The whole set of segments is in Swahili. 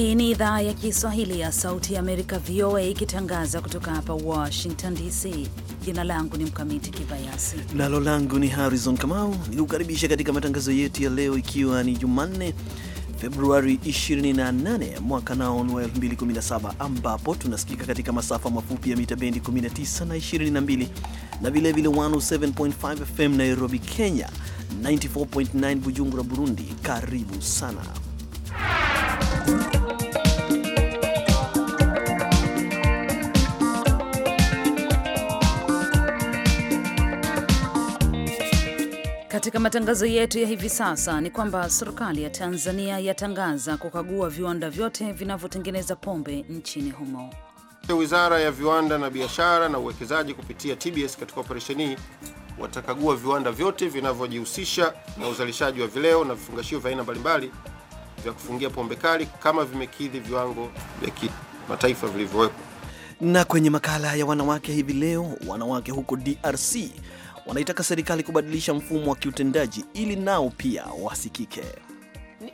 Hii ni idhaa ya Kiswahili ya Sauti ya Amerika, VOA, ikitangaza kutoka hapa Washington DC. Jina langu ni Mkamiti Kibayasi nalo langu ni Harrison Kamau, nikukaribisha katika matangazo yetu ya leo, ikiwa ni Jumanne Februari 28 mwaka nao wa 2017 ambapo tunasikika katika masafa mafupi ya mita bendi 19 na 22 na vilevile 107.5 FM Nairobi, Kenya, 94.9 Bujumbura, Burundi. Karibu sana Katika matangazo yetu ya hivi sasa ni kwamba serikali ya Tanzania yatangaza kukagua viwanda vyote vinavyotengeneza pombe nchini humo. Wizara ya Viwanda na Biashara na Uwekezaji kupitia TBS katika operesheni hii watakagua viwanda vyote vinavyojihusisha na uzalishaji wa vileo na vifungashio vya aina mbalimbali vya kufungia pombe kali kama vimekidhi viwango vya kimataifa vilivyowekwa. Na kwenye makala ya wanawake hivi leo, wanawake huko DRC wanaitaka serikali kubadilisha mfumo wa kiutendaji ili nao pia wasikike.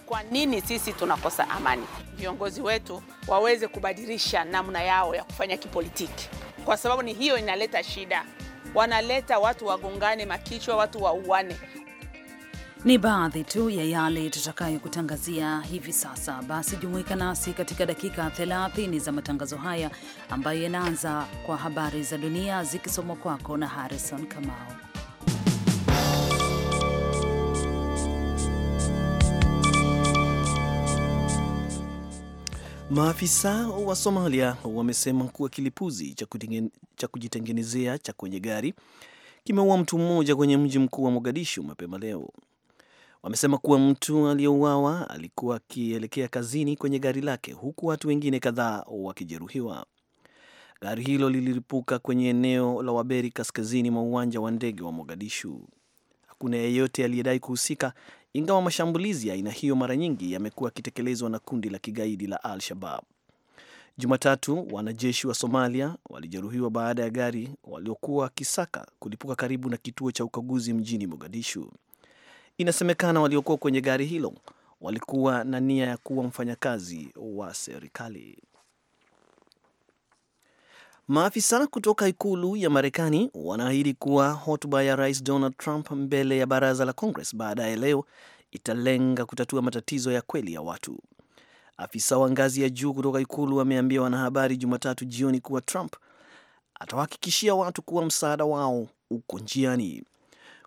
Kwa nini sisi tunakosa amani? Viongozi wetu waweze kubadilisha namna yao ya kufanya kipolitiki, kwa sababu ni hiyo inaleta shida. Wanaleta watu wagongane makichwa, watu wauane. Ni baadhi tu ya yale tutakayokutangazia hivi sasa. Basi jumuika nasi katika dakika 30 za matangazo haya ambayo yanaanza kwa habari za dunia zikisomwa kwako na Harrison Kamau. Maafisa wa Somalia wamesema kuwa kilipuzi cha kujitengenezea cha kwenye gari kimeua mtu mmoja kwenye mji mkuu wa Mogadishu mapema leo. Wamesema kuwa mtu aliyeuawa alikuwa akielekea kazini kwenye gari lake huku watu wengine kadhaa wakijeruhiwa. Gari hilo lililipuka kwenye eneo la Waberi kaskazini mwa uwanja wa ndege wa Mogadishu. Hakuna yeyote aliyedai kuhusika, ingawa mashambulizi ya aina hiyo mara nyingi yamekuwa yakitekelezwa na kundi la kigaidi la Al-Shabab. Jumatatu, wanajeshi wa Somalia walijeruhiwa baada ya gari waliokuwa kisaka kulipuka karibu na kituo cha ukaguzi mjini Mogadishu. Inasemekana waliokuwa kwenye gari hilo walikuwa na nia ya kuwa mfanyakazi wa serikali. Maafisa kutoka ikulu ya Marekani wanaahidi kuwa hotuba ya rais Donald Trump mbele ya baraza la Congress baadaye leo italenga kutatua matatizo ya kweli ya watu. Afisa wa ngazi ya juu kutoka ikulu ameambia wanahabari Jumatatu jioni kuwa Trump atawahakikishia watu kuwa msaada wao uko njiani.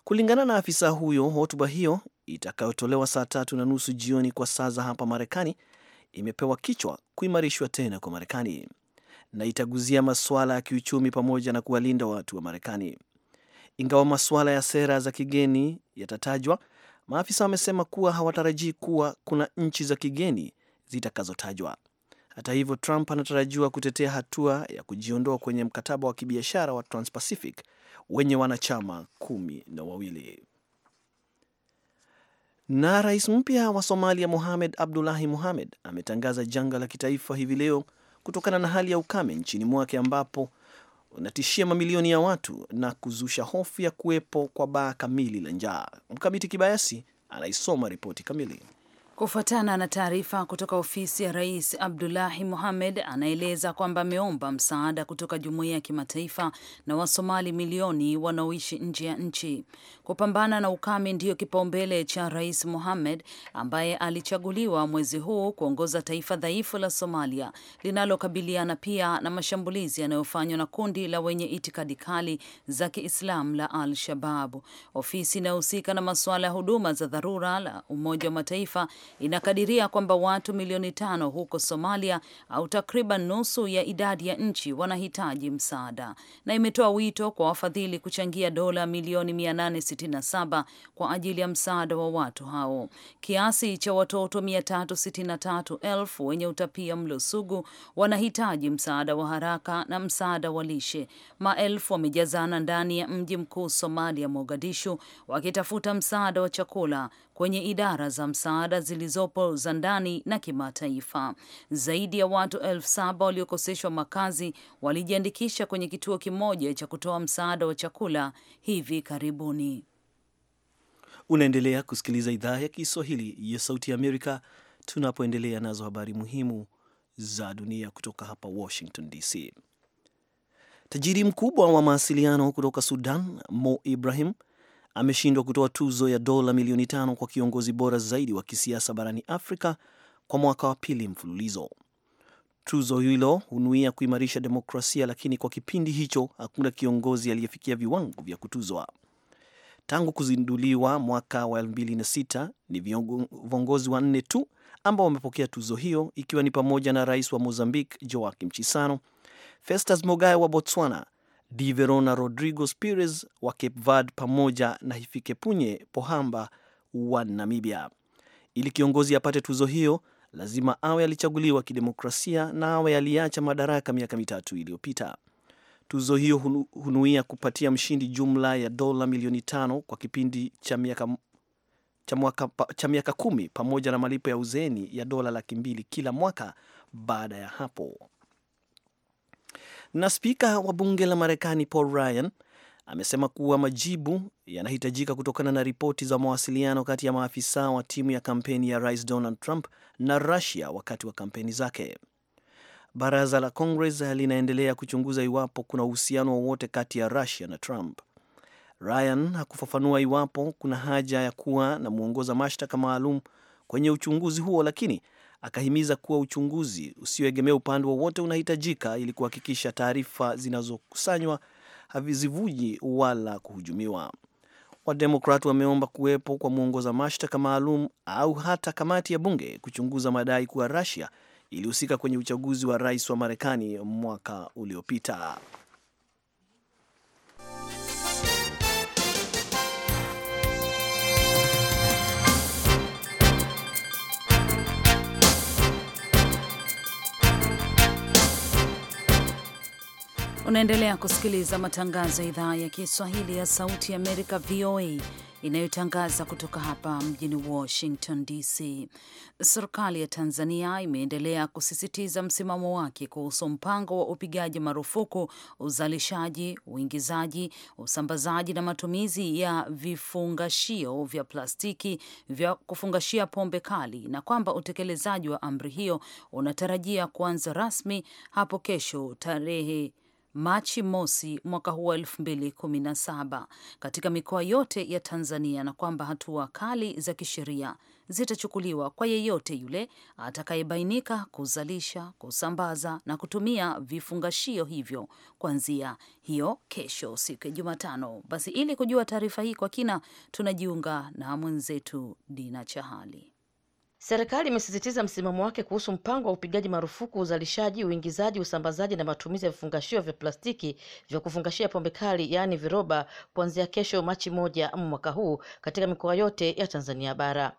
Kulingana na afisa huyo, hotuba hiyo itakayotolewa saa tatu na nusu jioni kwa saa za hapa Marekani imepewa kichwa kuimarishwa tena kwa Marekani na itaguzia masuala ya kiuchumi pamoja na kuwalinda watu wa Marekani. Ingawa masuala ya sera za kigeni yatatajwa, maafisa wamesema kuwa hawatarajii kuwa kuna nchi za kigeni zitakazotajwa. Hata hivyo, Trump anatarajiwa kutetea hatua ya kujiondoa kwenye mkataba wa kibiashara wa Transpacific pacific wenye wanachama kumi na wawili. Na rais mpya wa Somalia Mohamed Abdullahi Mohamed ametangaza janga la kitaifa hivi leo kutokana na hali ya ukame nchini mwake ambapo unatishia mamilioni ya watu na kuzusha hofu ya kuwepo kwa baa kamili la njaa. Mkamiti Kibayasi anaisoma ripoti kamili. Kufuatana na taarifa kutoka ofisi ya rais, Abdulahi Mohamed anaeleza kwamba ameomba msaada kutoka jumuiya ya kimataifa na Wasomali milioni wanaoishi nje ya nchi. Kupambana na ukame ndiyo kipaumbele cha Rais Mohamed ambaye alichaguliwa mwezi huu kuongoza taifa dhaifu la Somalia linalokabiliana pia na mashambulizi yanayofanywa na kundi la wenye itikadi kali za Kiislamu la Al Shababu. Ofisi inayohusika na masuala ya huduma za dharura la Umoja wa Mataifa inakadiria kwamba watu milioni tano huko Somalia au takriban nusu ya idadi ya nchi wanahitaji msaada, na imetoa wito kwa wafadhili kuchangia dola milioni 367 kwa ajili ya msaada wa watu hao. Kiasi cha watoto 363,000 wenye utapia mlo sugu wanahitaji msaada wa haraka na msaada wa lishe. Maelfu wamejazana ndani ya mji mkuu Somalia, Mogadishu, wakitafuta msaada wa chakula kwenye idara za msaada zilizopo za ndani na kimataifa. Zaidi ya watu elfu saba waliokoseshwa makazi walijiandikisha kwenye kituo kimoja cha kutoa msaada wa chakula hivi karibuni. Unaendelea kusikiliza idhaa ya Kiswahili ya Sauti ya Amerika, tunapoendelea nazo habari muhimu za dunia kutoka hapa Washington DC. Tajiri mkubwa wa mawasiliano kutoka Sudan, Mo Ibrahim, ameshindwa kutoa tuzo ya dola milioni tano kwa kiongozi bora zaidi wa kisiasa barani Afrika kwa mwaka wa pili mfululizo. Tuzo hilo hunuia kuimarisha demokrasia, lakini kwa kipindi hicho hakuna kiongozi aliyefikia viwango vya kutuzwa. Tangu kuzinduliwa mwaka wa 2006 ni viongozi wanne tu ambao wamepokea tuzo hiyo, ikiwa ni pamoja na rais wa Mozambique Joaquim Chissano, Festus Mogae wa Botswana, Di Verona Rodrigues Pires wa Cape Verde pamoja na Hifikepunye Pohamba wa Namibia. Ili kiongozi apate tuzo hiyo, lazima awe alichaguliwa kidemokrasia na awe aliacha madaraka miaka mitatu iliyopita. Tuzo hiyo hunuia kupatia mshindi jumla ya dola milioni tano kwa kipindi cha miaka cha mwaka, cha miaka kumi pamoja na malipo ya uzeni ya dola laki mbili kila mwaka baada ya hapo. Na spika wa bunge la Marekani Paul Ryan amesema kuwa majibu yanahitajika kutokana na ripoti za mawasiliano kati ya maafisa wa timu ya kampeni ya Rais Donald Trump na Russia wakati wa kampeni zake. Baraza la Congress linaendelea kuchunguza iwapo kuna uhusiano wowote kati ya Russia na Trump. Ryan hakufafanua iwapo kuna haja ya kuwa na mwongoza mashtaka maalum kwenye uchunguzi huo, lakini akahimiza kuwa uchunguzi usioegemea upande wowote unahitajika ili kuhakikisha taarifa zinazokusanywa havizivuji wala kuhujumiwa. Wademokrat wameomba kuwepo kwa mwongoza mashtaka maalum au hata kamati ya bunge kuchunguza madai kuwa Russia ilihusika kwenye uchaguzi wa rais wa Marekani mwaka uliopita. Unaendelea kusikiliza matangazo ya idhaa ya Kiswahili ya Sauti ya Amerika, VOA inayotangaza kutoka hapa mjini Washington DC. Serikali ya Tanzania imeendelea kusisitiza msimamo wake kuhusu mpango wa upigaji marufuku uzalishaji, uingizaji, usambazaji na matumizi ya vifungashio vya plastiki vya kufungashia pombe kali na kwamba utekelezaji wa amri hiyo unatarajia kuanza rasmi hapo kesho tarehe Machi mosi mwaka huu wa 2017 katika mikoa yote ya Tanzania na kwamba hatua kali za kisheria zitachukuliwa kwa yeyote yule atakayebainika kuzalisha, kusambaza na kutumia vifungashio hivyo kuanzia hiyo kesho, siku ya Jumatano. Basi ili kujua taarifa hii kwa kina, tunajiunga na mwenzetu Dina Chahali. Serikali imesisitiza msimamo wake kuhusu mpango wa upigaji marufuku uzalishaji, uingizaji, usambazaji na matumizi ya vifungashio vya plastiki vya kufungashia pombe kali yaani viroba kuanzia kesho Machi moja mwaka huu katika mikoa yote ya Tanzania bara.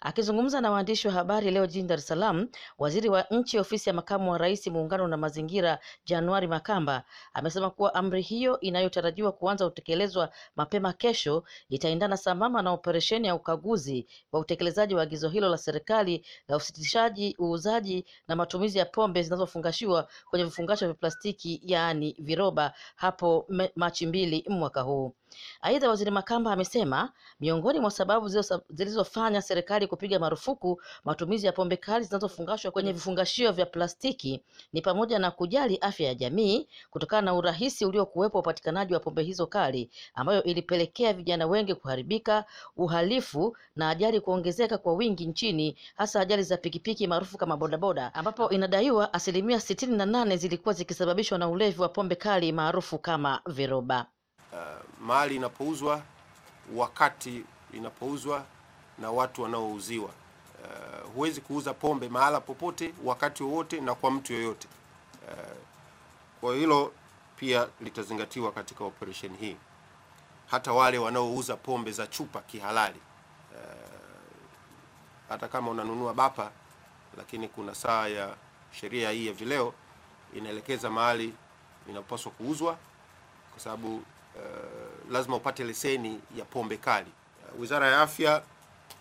Akizungumza na waandishi wa habari leo jijini dares salam Salaam, waziri wa nchi ofisi ya makamu wa rais muungano na mazingira Januari Makamba amesema kuwa amri hiyo inayotarajiwa kuanza kutekelezwa mapema kesho itaendana sambamba na operesheni ya ukaguzi wa utekelezaji wa agizo hilo la serikali serikali la usitishaji uuzaji na matumizi ya pombe zinazofungashiwa kwenye vifungasho vya plastiki yaani viroba hapo Machi mbili mwaka huu. Aidha, Waziri Makamba amesema miongoni mwa sababu zilizofanya serikali kupiga marufuku matumizi ya pombe kali zinazofungashwa kwenye vifungashio vya plastiki ni pamoja na kujali afya ya jamii kutokana na urahisi uliokuwepo upatikanaji wa pombe hizo kali ambayo ilipelekea vijana wengi kuharibika, uhalifu na ajali kuongezeka kwa wingi nchini, hasa ajali za pikipiki maarufu kama bodaboda, ambapo inadaiwa asilimia sitini na nane zilikuwa zikisababishwa na ulevi wa pombe kali maarufu kama viroba. Uh, mali inapouzwa, wakati inapouzwa na watu wanaouziwa. Uh, huwezi kuuza pombe mahala popote wakati wowote na kwa mtu yoyote. Uh, kwa hilo pia litazingatiwa katika operesheni hii. Hata wale wanaouza pombe za chupa kihalali, uh, hata kama unanunua bapa, lakini kuna saa ya sheria hii ya vileo inaelekeza mahali inapaswa kuuzwa kwa sababu uh, lazima upate leseni ya pombe kali. Uh, Wizara ya Afya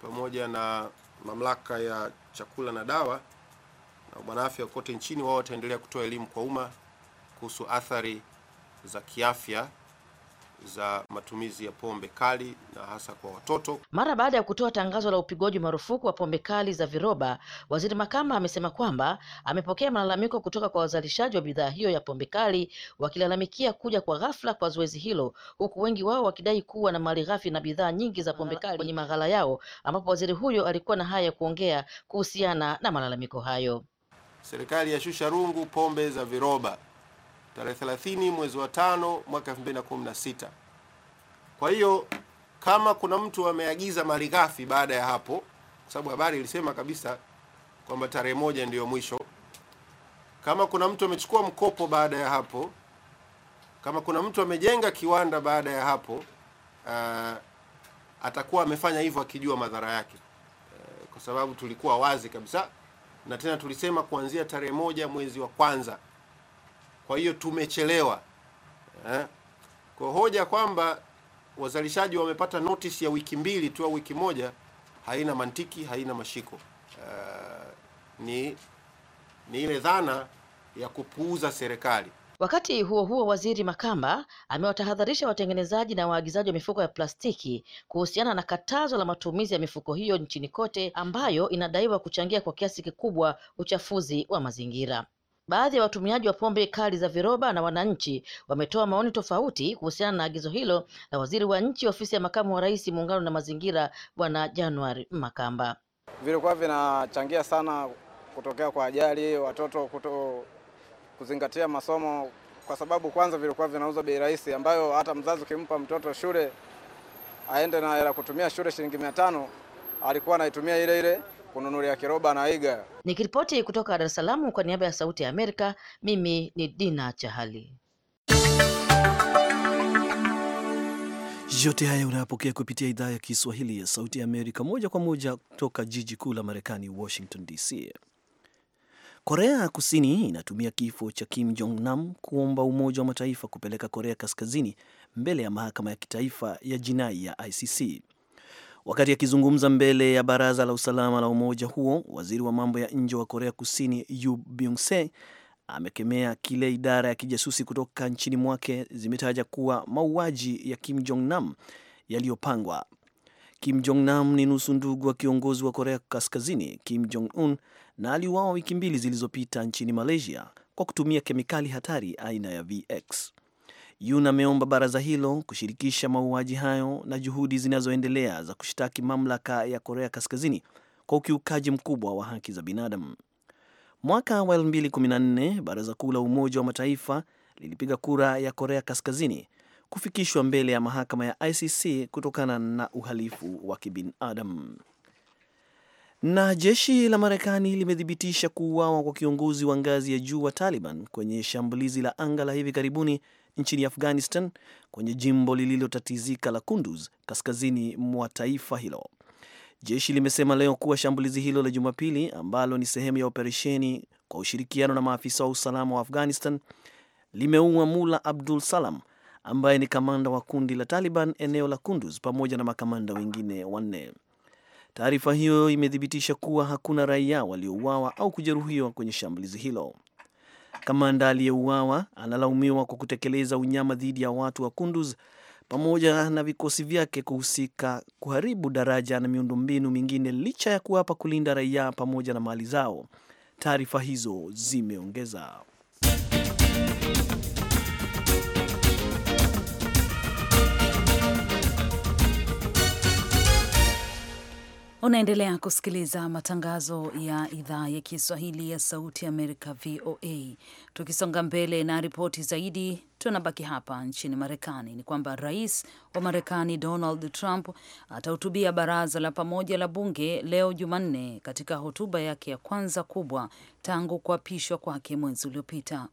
pamoja na Mamlaka ya Chakula na Dawa na Bwanaafya kote nchini, wao wataendelea kutoa elimu kwa umma kuhusu athari za kiafya za matumizi ya pombe kali na hasa kwa watoto. Mara baada ya kutoa tangazo la upigwaji marufuku wa pombe kali za viroba, Waziri Makamba amesema kwamba amepokea malalamiko kutoka kwa wazalishaji wa bidhaa hiyo ya pombe kali wakilalamikia kuja kwa ghafla kwa zoezi hilo, huku wengi wao wakidai kuwa na mali ghafi na bidhaa nyingi za pombe kali kwenye maghala yao, ambapo waziri huyo alikuwa na haya ya kuongea kuhusiana na malalamiko hayo. Serikali shusha rungu pombe za viroba tarehe 30 mwezi wa tano mwaka 2016. Kwa hiyo kama kuna mtu ameagiza malighafi baada ya hapo, kwa sababu habari ilisema kabisa kwamba tarehe moja ndiyo mwisho. Kama kuna mtu amechukua mkopo baada ya hapo, kama kuna mtu amejenga kiwanda baada ya hapo, uh, atakuwa amefanya hivyo akijua madhara yake, uh, kwa sababu tulikuwa wazi kabisa na tena tulisema kuanzia tarehe moja mwezi wa kwanza kwa hiyo tumechelewa eh? Kwa hoja kwamba wazalishaji wamepata notice ya wiki mbili tu au wiki moja haina mantiki, haina mashiko. Uh, ni ni ile dhana ya kupuuza serikali. Wakati huo huo, Waziri Makamba amewatahadharisha watengenezaji na waagizaji wa mifuko ya plastiki kuhusiana na katazo la matumizi ya mifuko hiyo nchini kote ambayo inadaiwa kuchangia kwa kiasi kikubwa uchafuzi wa mazingira. Baadhi ya watumiaji wa pombe kali za viroba na wananchi wametoa maoni tofauti kuhusiana na agizo hilo la waziri wa nchi ofisi ya makamu wa rais, muungano na mazingira, bwana January Makamba. Vilikuwa vinachangia sana kutokea kwa ajali, watoto kuto kuzingatia masomo, kwa sababu kwanza vilikuwa vinauza bei rahisi, ambayo hata mzazi ukimpa mtoto shule aende na hela kutumia shule shilingi mia tano alikuwa anaitumia ile ile kununulia kiroba na iga. Nikiripoti kutoka Dar es Salaam kwa niaba ya Sauti ya Amerika, mimi ni Dina Chahali. Yote haya unayopokea kupitia idhaa ya Kiswahili ya Sauti ya Amerika moja kwa moja kutoka jiji kuu la Marekani, Washington DC. Korea ya Kusini inatumia kifo cha Kim Jong Nam kuomba Umoja wa Mataifa kupeleka Korea Kaskazini mbele ya mahakama ya kitaifa ya jinai ya ICC. Wakati akizungumza mbele ya baraza la usalama la umoja huo, waziri wa mambo ya nje wa Korea Kusini Yu Byung-se amekemea kile idara ya kijasusi kutoka nchini mwake zimetaja kuwa mauaji ya Kim Jong Nam yaliyopangwa. Kim Jong Nam ni nusu ndugu wa kiongozi wa Korea Kaskazini Kim Jong Un na aliuawa wiki mbili zilizopita nchini Malaysia kwa kutumia kemikali hatari aina ya VX. Yun ameomba baraza hilo kushirikisha mauaji hayo na juhudi zinazoendelea za kushtaki mamlaka ya Korea Kaskazini kwa ukiukaji mkubwa wa haki za binadamu. Mwaka wa 2014 Baraza Kuu la Umoja wa Mataifa lilipiga kura ya Korea Kaskazini kufikishwa mbele ya mahakama ya ICC kutokana na uhalifu wa kibinadamu. Na jeshi la Marekani limethibitisha kuuawa kwa kiongozi wa ngazi ya juu wa Taliban kwenye shambulizi la anga la hivi karibuni nchini Afghanistan kwenye jimbo lililotatizika la Kunduz kaskazini mwa taifa hilo. Jeshi limesema leo kuwa shambulizi hilo la Jumapili ambalo ni sehemu ya operesheni kwa ushirikiano na maafisa wa usalama wa Afghanistan limeua Mula Abdul Salam ambaye ni kamanda wa kundi la Taliban eneo la Kunduz pamoja na makamanda wengine wanne. Taarifa hiyo imethibitisha kuwa hakuna raia waliouawa au kujeruhiwa kwenye shambulizi hilo. Kamanda aliyeuawa analaumiwa kwa kutekeleza unyama dhidi ya watu wa Kunduz pamoja na vikosi vyake kuhusika kuharibu daraja na miundombinu mingine licha ya kuapa kulinda raia pamoja na mali zao, taarifa hizo zimeongeza. Unaendelea kusikiliza matangazo ya idhaa ya Kiswahili ya Sauti ya Amerika, VOA. Tukisonga mbele na ripoti zaidi, tunabaki hapa nchini Marekani. Ni kwamba rais wa Marekani Donald Trump atahutubia baraza la pamoja la bunge leo Jumanne, katika hotuba yake ya kwanza kubwa tangu kuapishwa kwake mwezi uliopita.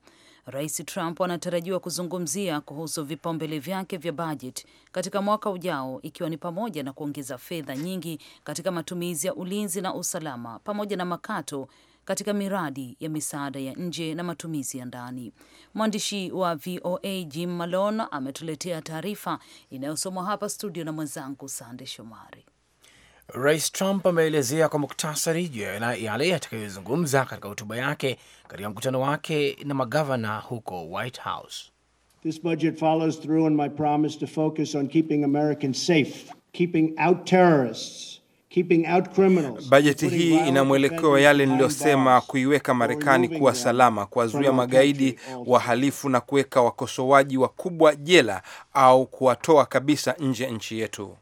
Rais Trump anatarajiwa kuzungumzia kuhusu vipaumbele vyake vya bajeti katika mwaka ujao, ikiwa ni pamoja na kuongeza fedha nyingi katika matumizi ya ulinzi na usalama pamoja na makato katika miradi ya misaada ya nje na matumizi ya ndani. Mwandishi wa VOA Jim Malone ametuletea taarifa inayosomwa hapa studio na mwenzangu Sande Shomari. Rais Trump ameelezea kwa muktasari juu ya yale atakayozungumza katika hotuba yake katika mkutano wake na magavana huko White House. This budget follows through on my promise to focus on keeping Americans safe, keeping out terrorists. Bajeti hii ina mwelekeo wa yale niliyosema, kuiweka Marekani kuwa salama, kuwazuia magaidi, wahalifu na kuweka wakosoaji wakubwa jela au kuwatoa kabisa nje ya nchi yetu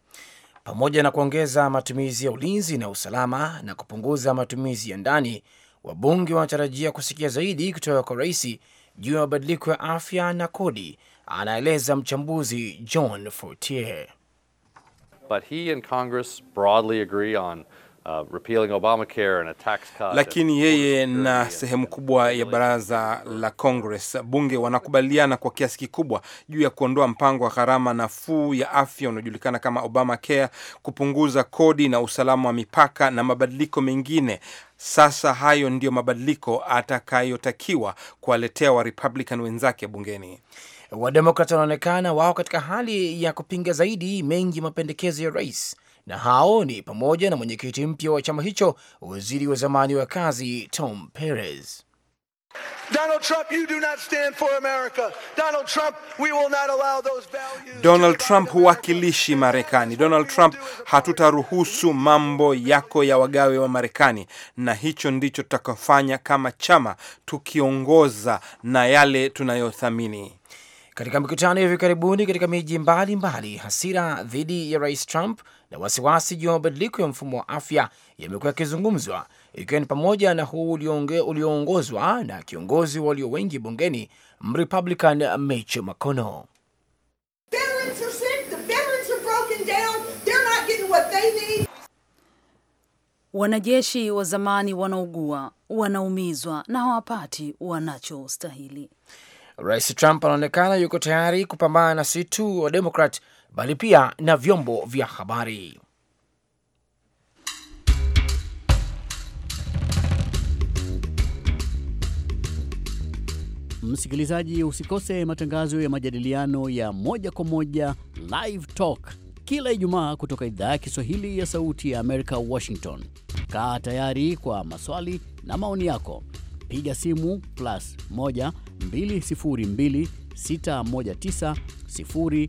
pamoja na kuongeza matumizi ya ulinzi na usalama na kupunguza matumizi ya ndani. Wabunge wanatarajia kusikia zaidi kutoka kwa rais juu ya mabadiliko ya afya na kodi, anaeleza mchambuzi John Fortier. But he and Congress broadly agree on Uh, repealing Obamacare and a tax cut. Lakini yeye na sehemu kubwa ya baraza la Congress, bunge wanakubaliana kwa kiasi kikubwa juu ya kuondoa mpango wa gharama nafuu ya afya unaojulikana kama Obamacare, kupunguza kodi na usalama wa mipaka na mabadiliko mengine. Sasa hayo ndiyo mabadiliko atakayotakiwa kuwaletea wa wenzake bungeni. Wademokrat wanaonekana wao katika hali ya kupinga zaidi mengi mapendekezo ya rais na hao ni pamoja na mwenyekiti mpya wa chama hicho, waziri wa zamani wa kazi Tom Perez. Donald Trump, huwakilishi Marekani. Donald Trump, hatutaruhusu mambo yako ya wagawe wa Marekani, na hicho ndicho tutakofanya kama chama tukiongoza na yale tunayothamini. Katika mikutano ya hivi karibuni katika miji mbalimbali, hasira dhidi ya Rais Trump na wasiwasi juu ya mabadiliko ya mfumo wa afya yamekuwa yakizungumzwa, ikiwa ni pamoja na huu ulioongozwa na kiongozi walio wengi bungeni Mrepublican Mitch McConnell. Wanajeshi wa zamani wanaugua, wanaumizwa na hawapati wanachostahili. Rais Trump anaonekana yuko tayari kupambana na si tu wa Demokrat bali pia na vyombo vya habari. Msikilizaji, usikose matangazo ya majadiliano ya moja kwa moja Live Talk kila Ijumaa kutoka idhaa ya Kiswahili ya Sauti ya Amerika, Washington. Kaa tayari kwa maswali na maoni yako, piga simu plus 1 202 619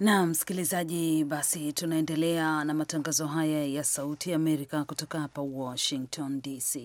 Na msikilizaji, basi tunaendelea na matangazo haya ya Sauti ya Amerika kutoka hapa Washington DC.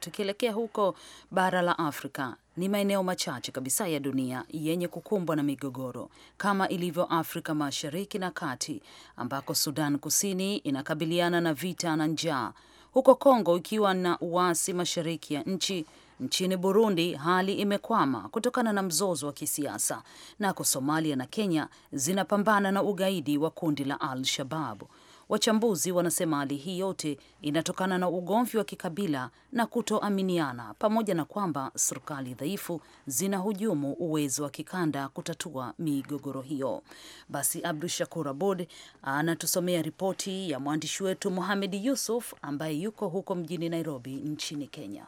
Tukielekea huko bara la Afrika, ni maeneo machache kabisa ya dunia yenye kukumbwa na migogoro kama ilivyo Afrika Mashariki na Kati, ambako Sudan Kusini inakabiliana na vita na njaa, huko Kongo ikiwa na uasi mashariki ya nchi Nchini Burundi hali imekwama kutokana na mzozo wa kisiasa, nako Somalia na Kenya zinapambana na ugaidi wa kundi la Al shabab Wachambuzi wanasema hali hii yote inatokana na ugomvi wa kikabila na kutoaminiana, pamoja na kwamba serikali dhaifu zinahujumu uwezo wa kikanda kutatua migogoro hiyo. Basi Abdu Shakur Abud anatusomea ripoti ya mwandishi wetu Muhamed Yusuf ambaye yuko huko mjini Nairobi nchini Kenya.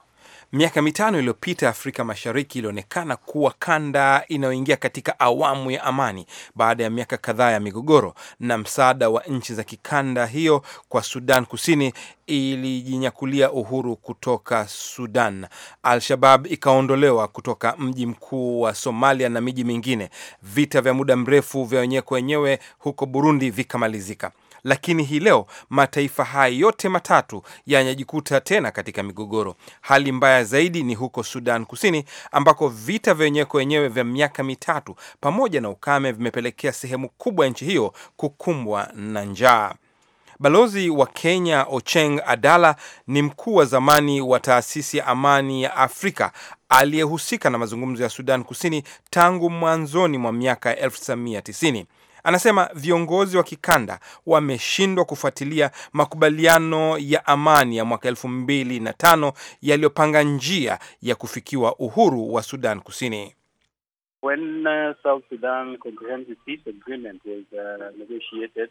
Miaka mitano iliyopita Afrika Mashariki ilionekana kuwa kanda inayoingia katika awamu ya amani baada ya miaka kadhaa ya migogoro, na msaada wa nchi za kikanda hiyo kwa Sudan Kusini ilijinyakulia uhuru kutoka Sudan. Al-Shabab ikaondolewa kutoka mji mkuu wa Somalia na miji mingine. Vita vya muda mrefu vya wenyewe kwa wenyewe huko Burundi vikamalizika lakini hii leo mataifa haya yote matatu yanajikuta tena katika migogoro. Hali mbaya zaidi ni huko Sudan Kusini, ambako vita vya wenyewe kwa wenyewe vya miaka mitatu pamoja na ukame vimepelekea sehemu kubwa ya nchi hiyo kukumbwa na njaa. Balozi wa Kenya Ocheng Adala ni mkuu wa zamani wa taasisi ya amani ya Afrika aliyehusika na mazungumzo ya Sudan Kusini tangu mwanzoni mwa miaka ya 1990. Anasema viongozi wa kikanda wameshindwa kufuatilia makubaliano ya amani ya mwaka elfu mbili na tano yaliyopanga njia ya kufikiwa uhuru wa Sudan Kusini. When, uh, South Sudan Comprehensive Peace Agreement was, uh, negotiated.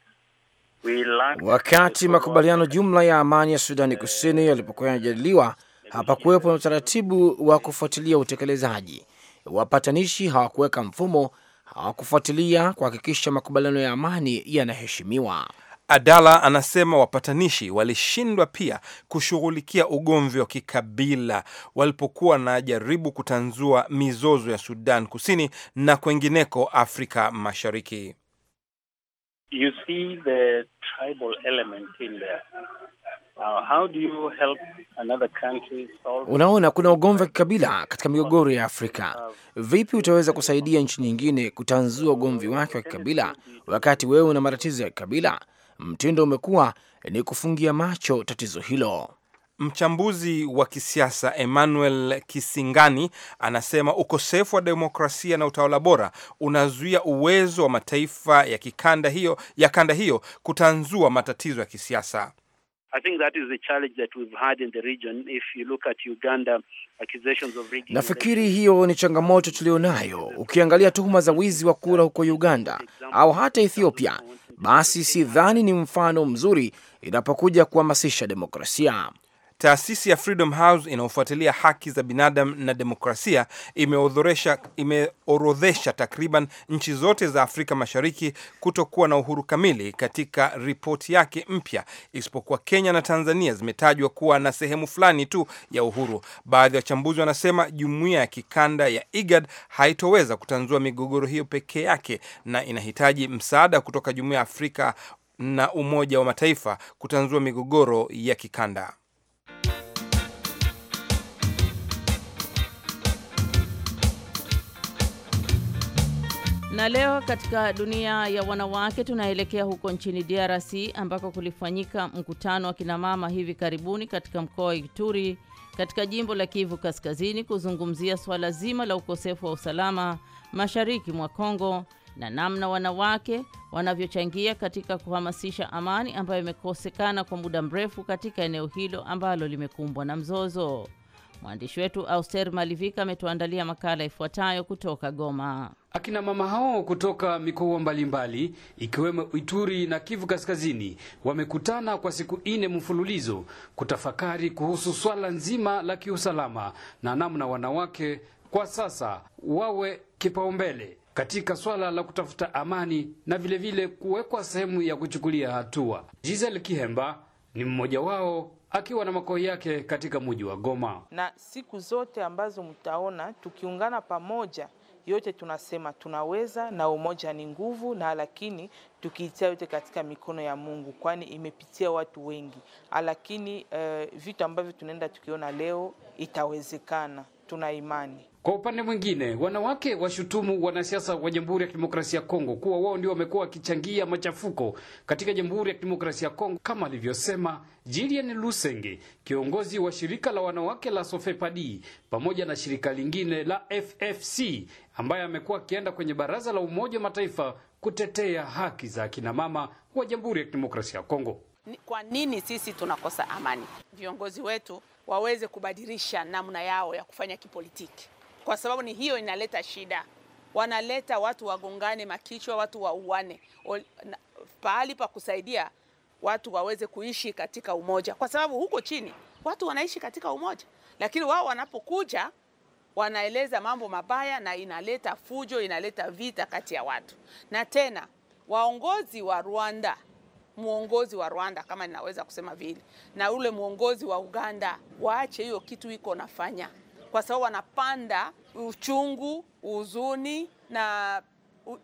Wakati makubaliano jumla ya amani ya Sudani Kusini yalipokuwa yanajadiliwa, hapakuwepo na utaratibu wa kufuatilia utekelezaji. Wapatanishi hawakuweka mfumo hawakufuatilia kuhakikisha makubaliano ya amani yanaheshimiwa. Adala anasema wapatanishi walishindwa pia kushughulikia ugomvi wa kikabila walipokuwa wanajaribu kutanzua mizozo ya Sudan Kusini na kwengineko Afrika Mashariki. You see the tribal element in there. Unaona, kuna ugomvi wa kikabila katika migogoro ya Afrika. Vipi utaweza kusaidia nchi nyingine kutanzua ugomvi wake wa kikabila wakati wewe una matatizo ya kikabila? Mtindo umekuwa ni kufungia macho tatizo hilo. Mchambuzi wa kisiasa Emmanuel Kisingani anasema ukosefu wa demokrasia na utawala bora unazuia uwezo wa mataifa ya kikanda hiyo ya kanda hiyo kutanzua matatizo ya kisiasa. Nafikiri hiyo ni changamoto tulionayo. Ukiangalia tuhuma za wizi wa kura huko Uganda au hata Ethiopia, basi si dhani ni mfano mzuri inapokuja kuhamasisha demokrasia. Taasisi ya Freedom House inayofuatilia haki za binadamu na demokrasia imeorodhesha takriban nchi zote za Afrika Mashariki kutokuwa na uhuru kamili katika ripoti yake mpya, isipokuwa Kenya na Tanzania zimetajwa kuwa na sehemu fulani tu ya uhuru. Baadhi ya wachambuzi wanasema jumuiya ya kikanda ya IGAD haitoweza kutanzua migogoro hiyo peke yake na inahitaji msaada kutoka jumuiya ya Afrika na Umoja wa Mataifa kutanzua migogoro ya kikanda. Na leo katika dunia ya wanawake tunaelekea huko nchini DRC ambako kulifanyika mkutano wa kinamama hivi karibuni katika mkoa wa Ituri katika jimbo la Kivu Kaskazini kuzungumzia swala zima la ukosefu wa usalama mashariki mwa Kongo na namna wanawake wanavyochangia katika kuhamasisha amani ambayo imekosekana kwa muda mrefu katika eneo hilo ambalo limekumbwa na mzozo. Mwandishi wetu Auster Malivika ametuandalia makala ifuatayo kutoka Goma. Akina mama hao kutoka mikoa mbalimbali ikiwemo Ituri na Kivu Kaskazini wamekutana kwa siku ine mfululizo kutafakari kuhusu swala nzima la kiusalama na namna wanawake kwa sasa wawe kipaumbele katika swala la kutafuta amani na vilevile kuwekwa sehemu ya kuchukulia hatua. Giselle Kihemba ni mmoja wao akiwa na makao yake katika mji wa Goma. Na siku zote ambazo mtaona tukiungana pamoja yote tunasema tunaweza na umoja ni nguvu, na lakini tukiitia yote katika mikono ya Mungu, kwani imepitia watu wengi. Ah, lakini uh, vitu ambavyo tunaenda tukiona leo itawezekana, tuna imani. Kwa upande mwingine, wanawake washutumu wanasiasa wa Jamhuri ya Kidemokrasia ya Kongo kuwa wao ndio wamekuwa wakichangia machafuko katika Jamhuri ya Kidemokrasia ya Kongo, kama alivyosema Jillian Lusenge, kiongozi wa shirika la wanawake la Sofepadi pamoja na shirika lingine la FFC, ambaye amekuwa akienda kwenye baraza la Umoja wa Mataifa kutetea haki za akina mama wa Jamhuri ya Kidemokrasia ya Kongo. Kwa nini sisi tunakosa amani? Viongozi wetu waweze kubadilisha namna yao ya kufanya kipolitiki kwa sababu ni hiyo inaleta shida. Wanaleta watu wagongane makichwa, watu wauane. Pahali pa kusaidia watu waweze kuishi katika umoja, kwa sababu huko chini watu wanaishi katika umoja, lakini wao wanapokuja wanaeleza mambo mabaya na inaleta fujo, inaleta vita kati ya watu. Na tena waongozi wa Rwanda, muongozi wa Rwanda kama ninaweza kusema vile, na ule muongozi wa Uganda waache hiyo kitu iko nafanya kwa sababu wanapanda uchungu, uzuni na,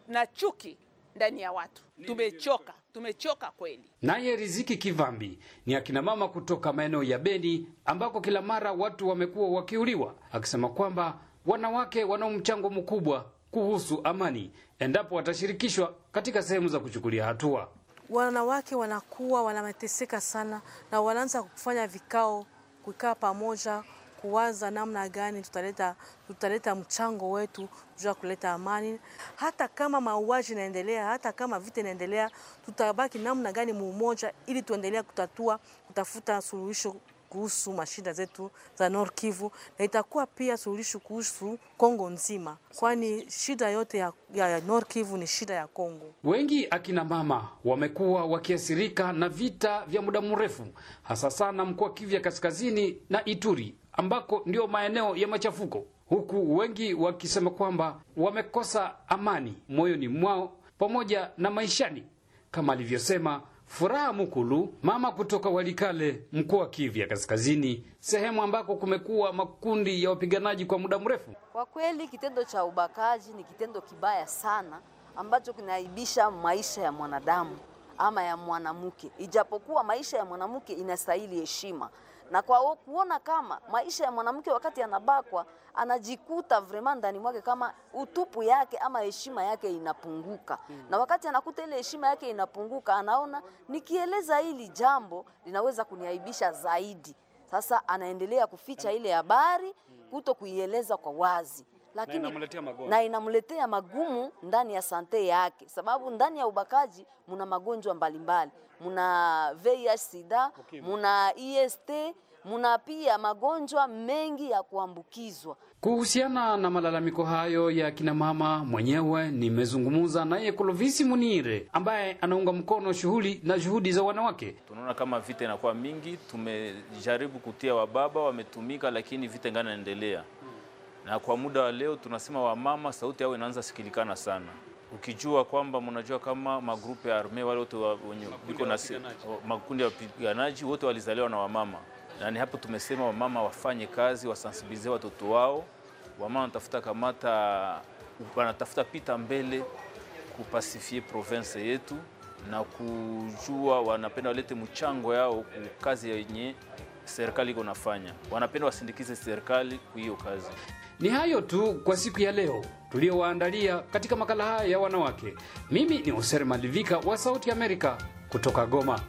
na chuki ndani ya watu. Tumechoka, tumechoka kweli. Naye Riziki Kivambi ni akinamama kutoka maeneo ya Beni ambako kila mara watu wamekuwa wakiuliwa, akisema kwamba wanawake wana mchango mkubwa kuhusu amani endapo watashirikishwa katika sehemu za kuchukulia hatua. Wanawake wanakuwa wanamateseka sana na wanaanza kufanya vikao, kukaa pamoja kuwaza namna gani tutaleta, tutaleta mchango wetu juu kuleta amani. Hata kama mauaji inaendelea, hata kama vita inaendelea, tutabaki namna gani muumoja, ili tuendelea kutatua kutafuta suluhisho kuhusu mashida zetu za North Kivu, na itakuwa pia suluhisho kuhusu Kongo nzima, kwani shida yote ya, ya North Kivu ni shida ya Kongo. Wengi akina mama wamekuwa wakiathirika na vita vya muda mrefu, hasa sana mkoa Kivu ya Kaskazini na Ituri ambako ndiyo maeneo ya machafuko, huku wengi wakisema kwamba wamekosa amani moyoni mwao pamoja na maishani, kama alivyosema Furaha Mukulu, mama kutoka Walikale, mkoa wa Kivu ya Kaskazini, sehemu ambako kumekuwa makundi ya wapiganaji kwa muda mrefu. Kwa kweli kitendo cha ubakaji ni kitendo kibaya sana ambacho kinaibisha maisha ya mwanadamu ama ya mwanamke, ijapokuwa maisha ya mwanamke inastahili heshima na kwa kuona kama maisha ya mwanamke wakati anabakwa anajikuta vrema ndani mwake kama utupu yake ama heshima yake inapunguka mm. Na wakati anakuta ile heshima yake inapunguka, anaona nikieleza hili jambo linaweza kuniaibisha zaidi. Sasa anaendelea kuficha ile habari kuto kuieleza kwa wazi lakini na inamletea magumu, na inamletea magumu ndani ya sante yake, sababu ndani ya ubakaji muna magonjwa mbalimbali, muna VIH sida, muna IST, e muna pia magonjwa mengi ya kuambukizwa. Kuhusiana na malalamiko hayo ya kina mama, mwenyewe nimezungumza naye kolovisi Munire ambaye anaunga mkono shughuli na juhudi za wanawake. Tunaona kama vita inakuwa mingi, tumejaribu kutia wababa, wametumika, lakini vita ingana naendelea na kwa muda wa leo tunasema wamama sauti yao inaanza sikilikana sana, ukijua kwamba mnajua kama magrupu ya arme wale wote wenye na makundi ya wapiganaji wote walizaliwa na wamama, na ni hapo tumesema wamama wafanye kazi, wasansibilize watoto wao. Wamama wanatafuta kamata, wanatafuta pita mbele kupasifie province yetu na kujua wanapenda walete mchango yao kazi yenye serikali iko nafanya, wanapenda wasindikize serikali hiyo kazi. Ni hayo tu kwa siku ya leo tuliowaandalia katika makala haya ya wanawake. Mimi ni Hoser Malivika wa Sauti Amerika kutoka Goma.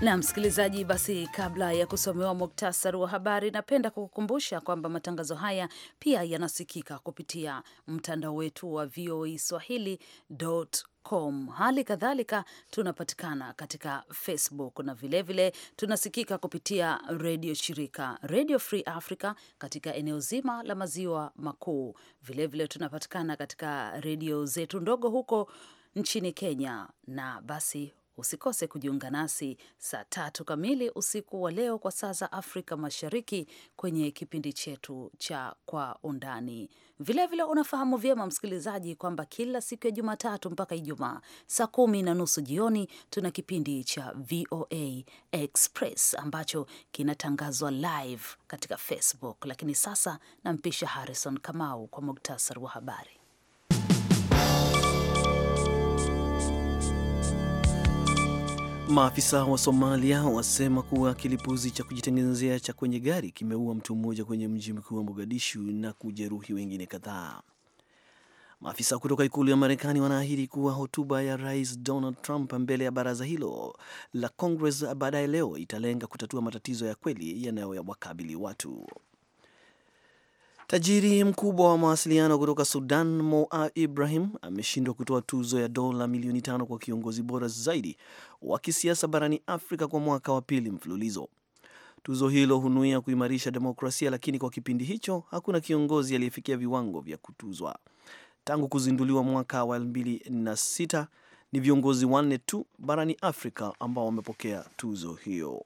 Na msikilizaji, basi kabla ya kusomewa muktasari wa habari, napenda kukukumbusha kwamba matangazo haya pia yanasikika kupitia mtandao wetu wa voa e swahili.com com. Hali kadhalika tunapatikana katika Facebook na vilevile vile, tunasikika kupitia redio shirika Radio Free Africa katika eneo zima la maziwa makuu. Vilevile tunapatikana katika redio zetu ndogo huko nchini Kenya na basi Usikose kujiunga nasi saa tatu kamili usiku wa leo kwa saa za Afrika Mashariki kwenye kipindi chetu cha Kwa Undani. Vilevile unafahamu vyema msikilizaji, kwamba kila siku ya Jumatatu mpaka Ijumaa saa kumi na nusu jioni tuna kipindi cha VOA Express ambacho kinatangazwa live katika Facebook. Lakini sasa nampisha Harrison Kamau kwa muktasari wa habari. Maafisa wa Somalia wasema kuwa kilipuzi cha kujitengenezea cha kwenye gari kimeua mtu mmoja kwenye mji mkuu wa Mogadishu na kujeruhi wengine kadhaa. Maafisa kutoka ikulu ya Marekani wanaahidi kuwa hotuba ya Rais Donald Trump mbele ya baraza hilo la Congress baadaye leo italenga kutatua matatizo ya kweli yanayowakabili watu. Tajiri mkubwa wa mawasiliano kutoka Sudan, Moa Ibrahim, ameshindwa kutoa tuzo ya dola milioni tano kwa kiongozi bora zaidi wa kisiasa barani Afrika kwa mwaka wa pili mfululizo. Tuzo hilo hunuia kuimarisha demokrasia, lakini kwa kipindi hicho hakuna kiongozi aliyefikia viwango vya kutuzwa. Tangu kuzinduliwa mwaka wa 2006 ni viongozi wanne tu barani Afrika ambao wamepokea tuzo hiyo.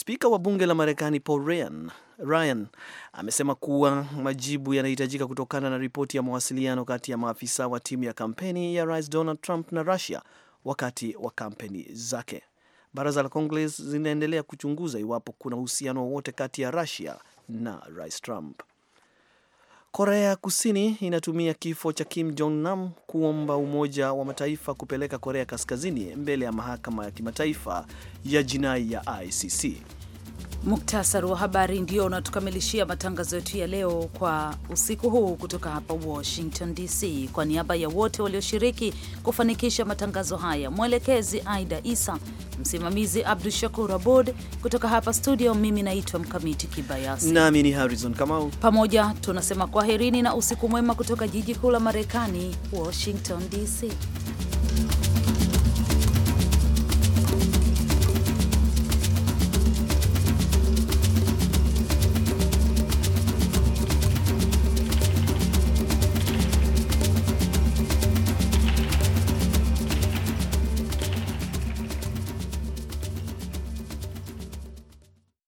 Spika wa bunge la Marekani Paul Ryan, Ryan amesema kuwa majibu yanahitajika kutokana na ripoti ya mawasiliano kati ya maafisa wa timu ya kampeni ya Rais Donald Trump na Russia wakati wa kampeni zake. Baraza la Congress zinaendelea kuchunguza iwapo kuna uhusiano wowote kati ya Russia na Rais Trump. Korea Kusini inatumia kifo cha Kim Jong Nam kuomba Umoja wa Mataifa kupeleka Korea Kaskazini mbele ya mahakama ya kimataifa ya jinai ya ICC. Muktasari wa habari ndio unatukamilishia matangazo yetu ya leo kwa usiku huu kutoka hapa Washington DC. Kwa niaba ya wote walioshiriki kufanikisha matangazo haya, mwelekezi Aida Isa, msimamizi Abdu Shakur Abud, kutoka hapa studio, mimi naitwa Mkamiti Kibayasi nami ni Harrison Kamau, pamoja tunasema kwaherini na usiku mwema kutoka jiji kuu la Marekani, Washington DC.